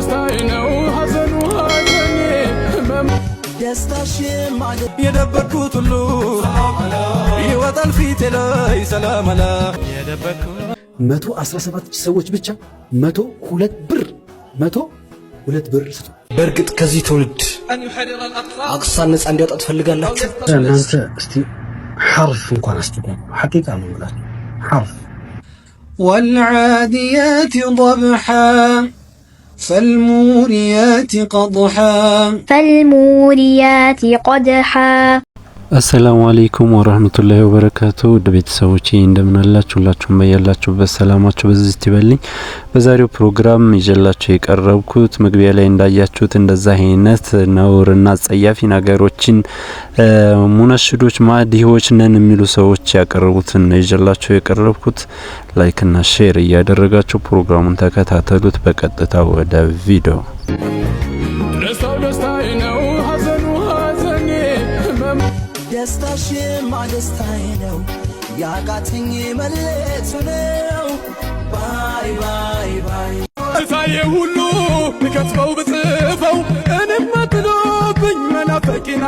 ደስታዬ ነው ሐዘኑ ሐዘኔ ደስታሽማ የደበቅኩት ሁሉ ይወጣል ፊቴ ላይ ሰላም አለ መቶ አስራ ሰባት ሰዎች ብቻ መቶ ሁለት ብር መቶ ሁለት ብር ስጡ። በእርግጥ ከዚህ ትውልድ አቅሷን ነፃ እንዲያወጣ ትፈልጋላችሁ እናንተ? እስቲ ሐርፍ እንኳን አስጥቁ ሐቂቃ ነው ሐርፍ ضبحا فالموريات قضحا فالموريات قدحا አሰላሙ አሌይኩም ወረህመቱላሂ ወበረካቱ ውድ ቤተሰቦቼ እንደምን አላችሁ? ሁላችሁም በያላችሁበት ሰላማችሁ በዚህ ይበልኝ። በዛሬው ፕሮግራም ይዤላችሁ የቀረብኩት መግቢያ ላይ እንዳያችሁት እንደዛ አይነት ነውርና አጸያፊ ነገሮችን ሙነሽዶች፣ ማዲዎች ነን የሚሉ ሰዎች ያቀረቡትን ይዤላችሁ የቀረብኩት። ላይክና ሼር እያደረጋችሁ ፕሮግራሙን ተከታተሉት። በቀጥታ ወደ ቪዲዮ ደስታሽ ማደስታይ ነው ያቃተኝ መለቱ ነው። ባይ ባይ ባይ ሁሉ ብከትበው ብጽፈው እኔም መናፈቂን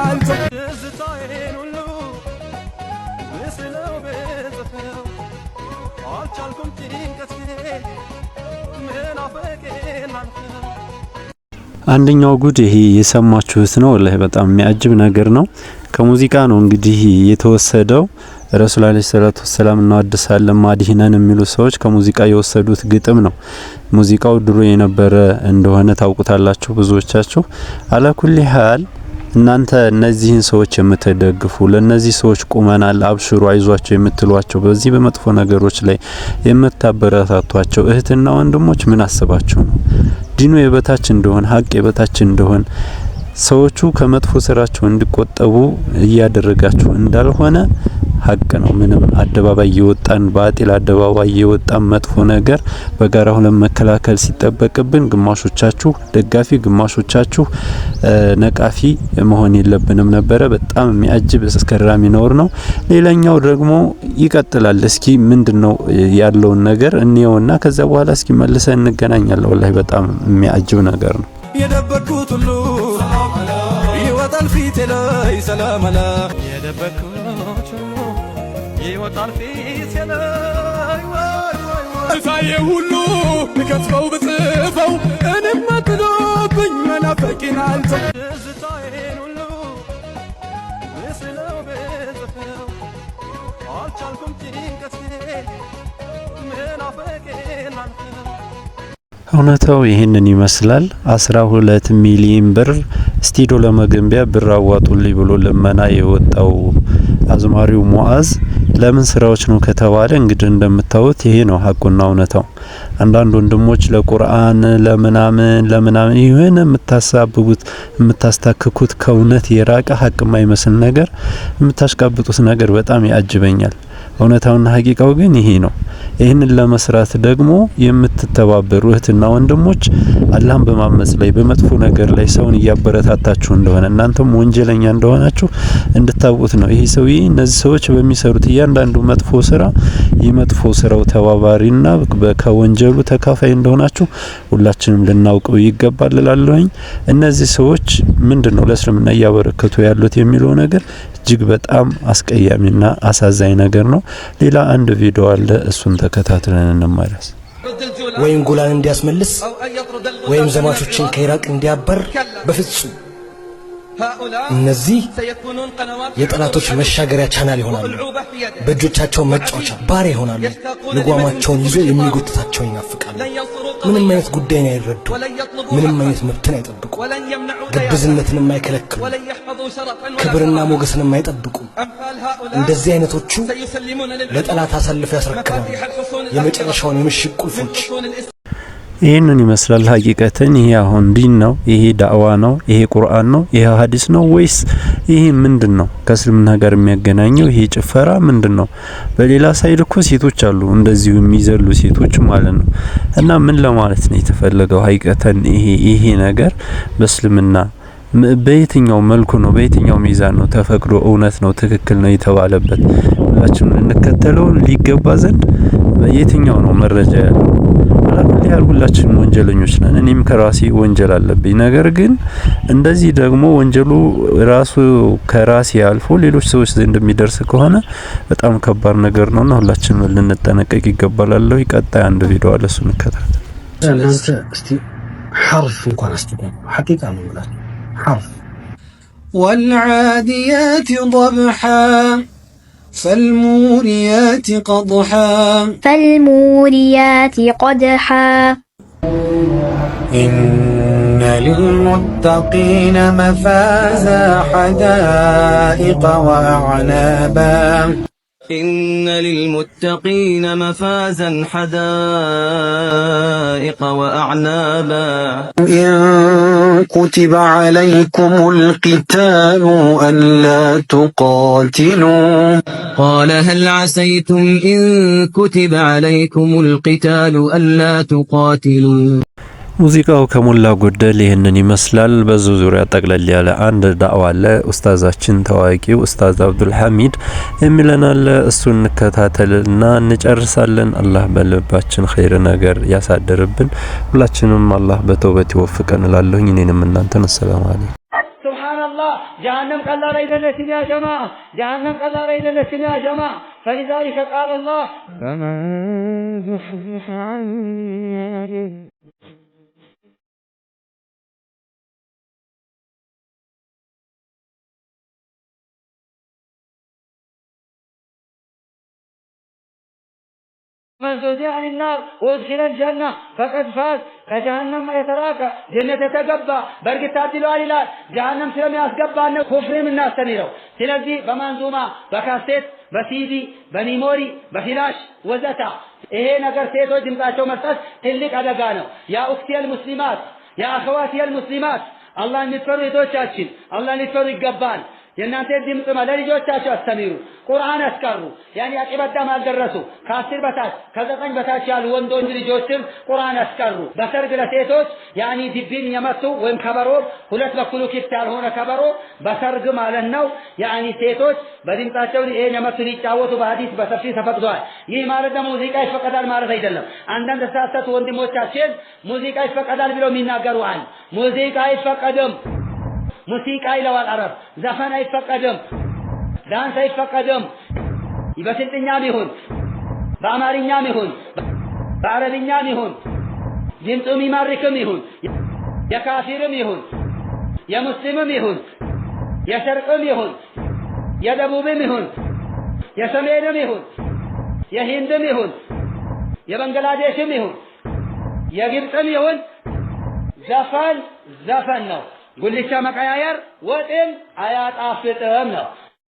ሁሉ ብጽፈው አልቻልኩም ጭንቀት መናፈቂን አንደኛው ጉድ ይሄ የሰማችሁት ነው። ለህ በጣም የሚያጅብ ነገር ነው። ከሙዚቃ ነው እንግዲህ የተወሰደው። ረሱል አለይሂ ሰላቱ ወሰላም እናወድሳለን ማዲህነን የሚሉ ሰዎች ከሙዚቃ የወሰዱት ግጥም ነው። ሙዚቃው ድሮ የነበረ እንደሆነ ታውቁታላችሁ ብዙዎቻችሁ። አላኩሊ ሀል እናንተ እነዚህን ሰዎች የምትደግፉ ለነዚህ ሰዎች ቁመናል፣ አብሽሩ፣ አይዟቸው የምትሏቸው በዚህ በመጥፎ ነገሮች ላይ የምታበረታቷቸው እህትና ወንድሞች ምን አስባችሁ ነው? ዲኑ የበታች እንደሆን ሀቅ የበታች እንደሆን ሰዎቹ ከመጥፎ ስራቸው እንዲቆጠቡ እያደረጋቸው እንዳልሆነ ሀቅ ነው። ምንም አደባባይ የወጣን ባጢል አደባባይ የወጣን መጥፎ ነገር በጋራ ሁለን መከላከል ሲጠበቅብን፣ ግማሾቻችሁ ደጋፊ፣ ግማሾቻችሁ ነቃፊ መሆን የለብንም ነበረ። በጣም የሚያጅብ አስገራሚ ነውር ነው። ሌላኛው ደግሞ ይቀጥላል። እስኪ ምንድነው ያለውን ነገር እንየውና ከዛ በኋላ እስኪ መልሰን እንገናኛለን። ወላሂ በጣም የሚያጅብ ነገር ነው የደበቅኩት ሁሉ ፊቴ ላይ ሰላም አላ የደበቅኳቸው ይወጣል ፊቴ ላይ እሳዬ ሁሉ ልከስፈው ብጽፈው እኔም አጥሎብኝ እውነታው ይህንን ይመስላል። አስራ ሁለት ሚሊዮን ብር ስቱዲዮ ለመገንቢያ ብር አዋጡልኝ ብሎ ልመና የወጣው አዝማሪው ሙአዝ ለምን ስራዎች ነው ከተባለ እንግዲህ እንደምታዩት ይሄ ነው ሀቁና እውነታው። አንዳንድ ወንድሞች ለቁርአን ለምናምን ለምናምን ይህን የምታሳብቡት የምታስታክኩት ከእውነት የራቀ ሀቅ የማይመስል ነገር የምታሽቃብጡት ነገር በጣም ያጅበኛል። እውነታውና ሀቂቃው ግን ይሄ ነው። ይህንን ለመስራት ደግሞ የምትተባበሩ እህትና ወንድሞች አላህን በማመጽ ላይ በመጥፎ ነገር ላይ ሰውን እያበረታታችሁ እንደሆነ እናንተም ወንጀለኛ እንደሆናችሁ እንድታውቁት ነው። ይሄ ሰውዬ እነዚህ ሰዎች በሚሰሩት እያንዳንዱ መጥፎ ስራ የመጥፎ ስራው ተባባሪና ከወንጀሉ ተካፋይ እንደሆናችሁ ሁላችንም ልናውቀው ይገባል እላለሁኝ። እነዚህ ሰዎች ምንድን ነው ለእስልምና እያበረከቱ ያሉት የሚለው ነገር እጅግ በጣም አስቀያሚና አሳዛኝ ነገር ነው። ሌላ አንድ ቪዲዮ አለ። እሱን ተከታትለን እንመለስ። ወይም ጎላን እንዲያስመልስ ወይም ዘማቾችን ከኢራቅ እንዲያበር በፍጹም እነዚህ የጠላቶች መሻገሪያ ቻናል ይሆናሉ። በእጆቻቸው መጫወቻ ባሪያ ይሆናሉ። ልጓማቸውን ይዞ የሚጎትታቸው ይናፍቃሉ። ምንም አይነት ጉዳይን አይረዱ፣ ምንም አይነት መብትን አይጠብቁ፣ ግብዝነትንም አይከለክሉ፣ ክብርና ሞገስንም አይጠብቁ። እንደዚህ አይነቶቹ ለጠላት አሳልፈው ያስረክባሉ የመጨረሻውን የምሽግ ቁልፎች። ይህንን ይመስላል። ሀቂቀትን ይሄ አሁን ዲን ነው፣ ይሄ ዳዕዋ ነው፣ ይሄ ቁርአን ነው፣ ይሄ ሀዲስ ነው ወይስ ይሄ ምንድን ነው? ከእስልምና ጋር የሚያገናኘው ይሄ ጭፈራ ምንድን ነው? በሌላ ሳይድ እኮ ሴቶች አሉ እንደዚሁ የሚዘሉ ሴቶች ማለት ነው። እና ምን ለማለት ነው የተፈለገው? ሀቂቀተን ይሄ ይሄ ነገር በእስልምና በየትኛው መልኩ ነው በየትኛው ሚዛን ነው ተፈቅዶ እውነት ነው ትክክል ነው የተባለበት ሁላችንም ልንከተለው ሊገባ ዘንድ የትኛው ነው መረጃ ያለው? አላኩል ያህል ሁላችንም ወንጀለኞች ነን። እኔም ከራሴ ወንጀል አለብኝ። ነገር ግን እንደዚህ ደግሞ ወንጀሉ ራሱ ከራሴ አልፎ ሌሎች ሰዎች ዘንድ የሚደርስ ከሆነ በጣም ከባድ ነገር ነውና ሁላችንም ልንጠነቀቅ ይገባላለሁ። ቀጣይ አንድ ቪዲዮ አለ፣ እሱን እንከታተል። እናንተ እስቲ ሐርፍ እንኳን አስተዳደሩ ሐቂቃ ነው ብላችሁ ሐርፍ ወልዓዲያት ضبحا فالموريات قضحا فالموريات قدحا إن للمتقين مفازا حدائق وأعنابا إن للمتقين مفازا حدائق وأعنابا إن كتب عليكم القتال ألا تقاتلوا قال هل عسيتم إن كتب عليكم القتال ألا تقاتلوا ሙዚቃው ከሞላ ጎደል ይህንን ይመስላል። በዙ ዙሪያ ጠቅለል ያለ አንድ ዳዕዋ አለ። ኡስታዛችን ታዋቂው ኡስታዝ አብዱልሐሚድ የሚለን አለ። እሱን እንከታተልና እንጨርሳለን። አላህ በልባችን ኸይር ነገር ያሳደርብን። ሁላችንም አላህ በተውበት ይወፍቀን እላለሁኝ። እኔንም እናንተን አሰላሙ አለይኩም። ሱብሃነላህ ጀሀነም ቀላል አይደለችም ያ ጀማ፣ ጀሀነም ቀላል አይደለችም ያ ጀማ። ፈሊዛሊከ ቃለላህ من زودها النار وادخل الجنة فقد فاز ከጀሃነም የተራቀ ጀነት የተገባ በእርግጥ ታድሏል ይላል። ጀሃነም ስለሚያስገባን ነው ኩፍርን እናስተምረው። ስለዚህ በማንዙማ በካሴት በሲዲ በሚሞሪ በፊላሽ ወዘታ ይሄ ነገር ሴቶች ድምጻቸው መስጠት ትልቅ አደጋ ነው። ያ ኡክቲየል ሙስሊማት ያ አኸዋቲየል ሙስሊማት አላህ እንድትፈሩ እህቶቻችን አላህ እንድትፈሩ ይገባል። የእናንተ ድምፅ ለልጆቻቸው አስተሚሩ። ቁርአን አስቀሩ። ያን ያቂበዳም አልደረሱ ከአስር በታች ከዘጠኝ በታች ያሉ ወንዶች ልጆችም ቁርአን አስቀሩ። በሰርግ ለሴቶች ያኒ ዲቢን የመቱ ወይም ከበሮ ሁለት በኩሉ ክፍት ያልሆነ ከበሮ በሰርግ ማለት ነው። ያኒ ሴቶች በድምጻቸው ይሄን የመቱ ሊጫወቱ በሐዲስ በሰፊ ተፈቅዷል። ይህ ማለት ደግሞ ሙዚቃ ይፈቀዳል ማለት አይደለም። አንዳንድ ተሳሳቱ ወንድሞቻችን ሙዚቃ ይፈቀዳል ብለው የሚናገሩ አለ። ሙዚቃ አይፈቀድም። ሙሲቃ ይለዋል አረብ። ዘፈን አይፈቀድም፣ ዳንስ አይፈቀድም። በስልጥኛም ይሁን በአማርኛም ይሁን በአረብኛም ይሁን ድምፁ የሚማርክም ይሁን የካፊርም ይሁን የሙስሊምም ይሁን የሸርቅም ይሁን የደቡብም ይሁን የሰሜንም ይሁን የሂንድም ይሁን የባንግላዴሽም ይሁን የግብፅም ይሁን ዘፈን ዘፈን ነው። ጉልቻ መቀያየር ወጥን አያጣፍጥም ነው።